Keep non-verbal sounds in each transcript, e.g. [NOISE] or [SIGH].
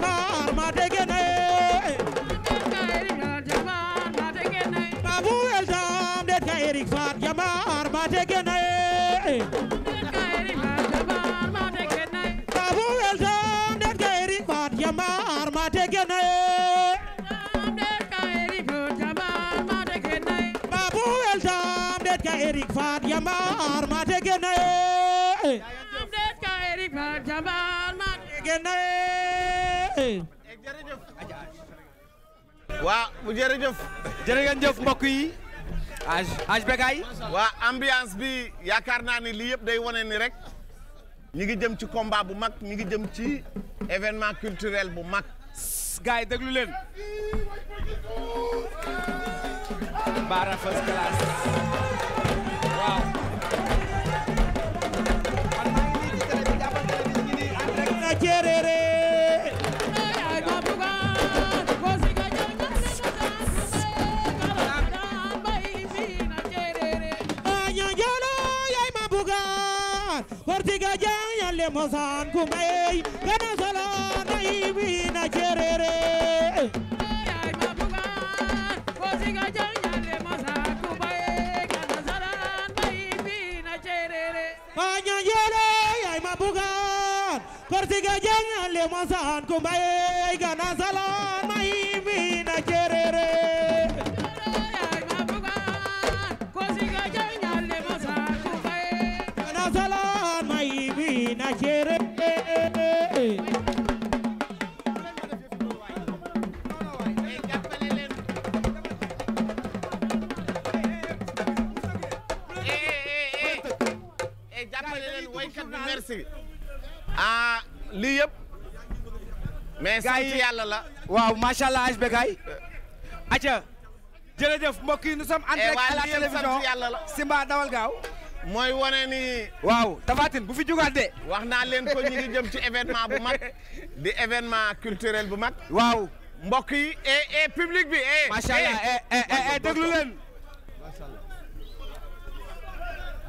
jaman ma dege ne Babou Eldam det ka Eric Fat jaman ma dege ne Babou Eldam det ka Eric Fat jaman ma dege ne Babou Eldam det ka Eric Fat jaman waa bu jërëjëf. jërë ngeen jëf mbokk yi. aj aj waa ambiance bi yaakaar naa ni lii yëpp day wane ni rek. ñi ngi jëm ci combat bu mag ñi ngi jëm ci événement culturel bu mag. gars yi déglu leen. hortiga jayalle mosan kumbaye gana solo naiwina cerere pañayele yay mabugan hortiga jayalle mosan kumbaye gana solo naiwina cerere Najere eh, eh, eh, merci ah lii yëpp mais sant yàlla la waaw macha allah HB Gaye aca jërëjëf mbokk yi nous sommes en direct à la télévision Simba dawal gaaw mooy wane ni. waaw Tafatine bu fi jugaat de. wax naa leen ko ñu ngi jëm ci événement bu mag di événement culturel bu mag. waaw mbokk yi et e, public bi et. macha allah et et e, e, leen. macha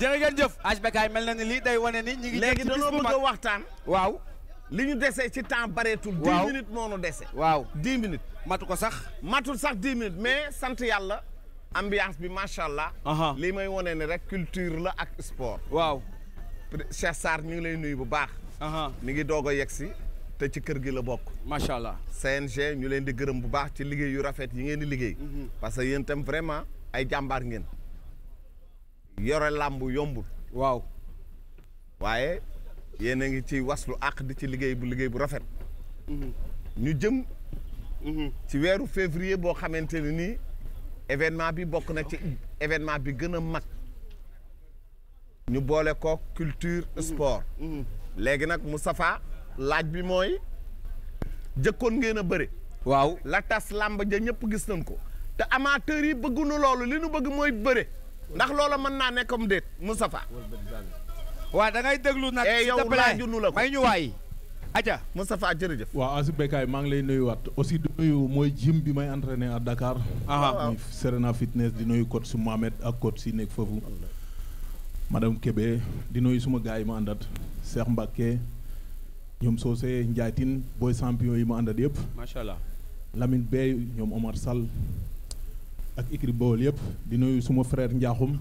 allah. jërëjëf. mel na ni lii day wane ni. ngi jëm ci bis bu mag léegi dañoo bëgg waxtaan. waaw. li ñu dese ci temps bareetul. waaw dix minutes moo nu dese. waaw dix minutes. matu ko sax. matul sax dix minutes mais sant yàlla. ambiance bi macha allah. lii may wane ne rek culture la ak sport. waaw. Cheikh Sarr ñu ngi lay nuyu bu baax. ñu ngi doog a yegg si te ci kër gi la bokk. macha allah CNG ñu leen di gërëm bu baax ci liggéey yu rafet yi ngeen di liggéey. Mhm. parce que yéen tam vraiment ay jàmbaar ngeen. yore làmb yombul. waaw. waaye yéen a ngi ci waslu àq di ci liggéey bu liggéey bu rafet. Mhm. ñu jëm. Mhm. ci weeru février boo xamante ne nii. événement bi bokk na ci événement bi gën a mag ñu boole ko culture sport léegi nag Moustapha laaj bi mooy jëkkoon ngeen a bëre waaw la tas làmb ja ñëpp gis nañ ko te amateurs yi bëgguñu loolu li nu bëgg mooy bëre ndax loola mën naa nekk comme déet Moustapha waaw da ngay déglu nag eh, yow laajuñu la ko may ñu waay Adja Moustapha jërëjëf. waaw Asi Bekkaay maa ngi lay nuyuwaat aussi di nuyu mooy gym bi may entraîné à Dakar. ah, ah. Serena Fitness di nuyu coach su Mohamed ak coach si nekk foofu. madame Kébé di nuyu suma gars yi ma àndat Cheikh Mbacké ñoom soose Ndiatine booy sampion yi ma àndat yëpp. macha allah Lamine Bey ñoom Omar Sall ak équipe Bawol yëpp di nuyu suma frère Ndiakhoum.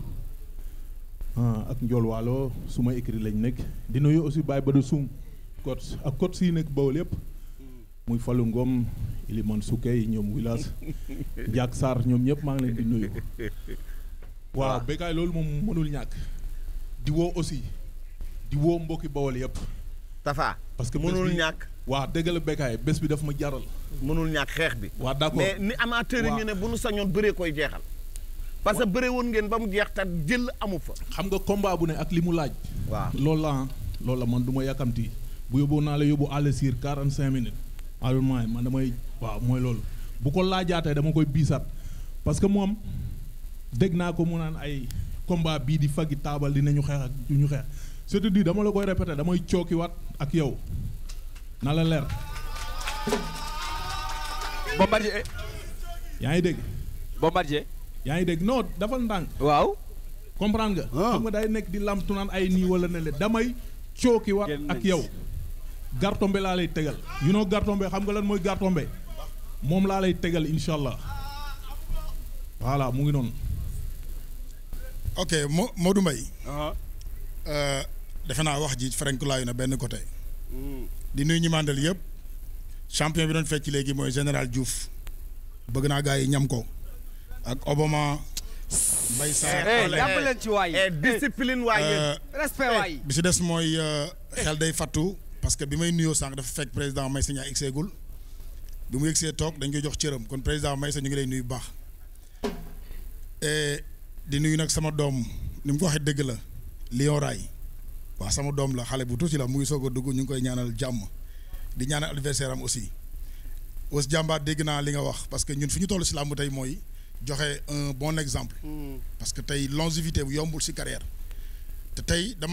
Ah, ak Ndiol Waalo suma équipe lañ nekk di nuyu aussi Baye Badou coach ak coach yi nekk Bawol yëpp muy ngoom Ngom Ilimane Soukey ñoom Wilaas [LAUGHS] Ndiak Sarr ñoom ñëpp maa ngi leen di nuyu waaw ah. béykaay loolu moom mënul ñàkk di woo aussi di woo mbokki Bawol yëpp Tafa parce que mënul ñàkk waa dëgg la béykaay bés bi dafa ma jaral mënul ñàkk xeex bi waaw d'accord mais ni amateur yi ñu ne bu nu sañoon bëree koy jeexal parce que bëre woon ngeen ba mu jeex te jël amu fa xam nga combat bu ne ak li mu laaj waaw loolu la loolu la man du ma yàkkamti bu yóbboo naa la yóbbu àll siir quarante cinq minutes allemand man damay waaw mooy loolu bu ko laajaatee dama koy biisat parce que moom dégg naa ko mu naan ay combat bii di faggi taabal dinañu xeex ak du ñu xeex surtout di dama la koy répété damay cookiwaat ak yow na leer Bombardier ngi dégg Bombardier yaa ngi dégg non dafa ndànk waaw comprendre nga ah. xam nga day nekk di lamtu naan ay nii wala ne le damay cookiwaat ak yow gartombe laa lay tegal you know gartombe xam nga lan mooy gartombe moom laa lay tegal incha allah voilà mu ngi noonu. ok Mo Modou Mbaye. Uh-huh. Euh, defe naa wax ji farankulaayu na benn côté. Mm. di nuyu ñi mandal yëpp. champion bi doon fecc léegi mooy général Diouf. bëgg naa gars yi ñam ko. ak Obama. Mbaye Sarr eh, eh, jàpp leen ci waay eh, euh, bi si des mooy euh, xel day fattu. parce que bi may nuyoo sànq dafa fekk président Maysa ñaa egseegul bi mu yegsee toog dañ koy jox cëram kon président Maysa ñu ngi lay nuyu baax eh, di nuyu nag sama doom ni mu ko waxee dëgg la Lion Ray waaw sama doom la xale bu tuuti la mu ngi soog a dugg ñu ngi koy ñaanal jàmm di ñaanal adversaire am aussi was jàmbaar dégg naa li nga wax parce que ñun fi ñu toll si làmb tey mooy joxe un bon exemple. Hmm. parce que tey longévité bu yombul si carrière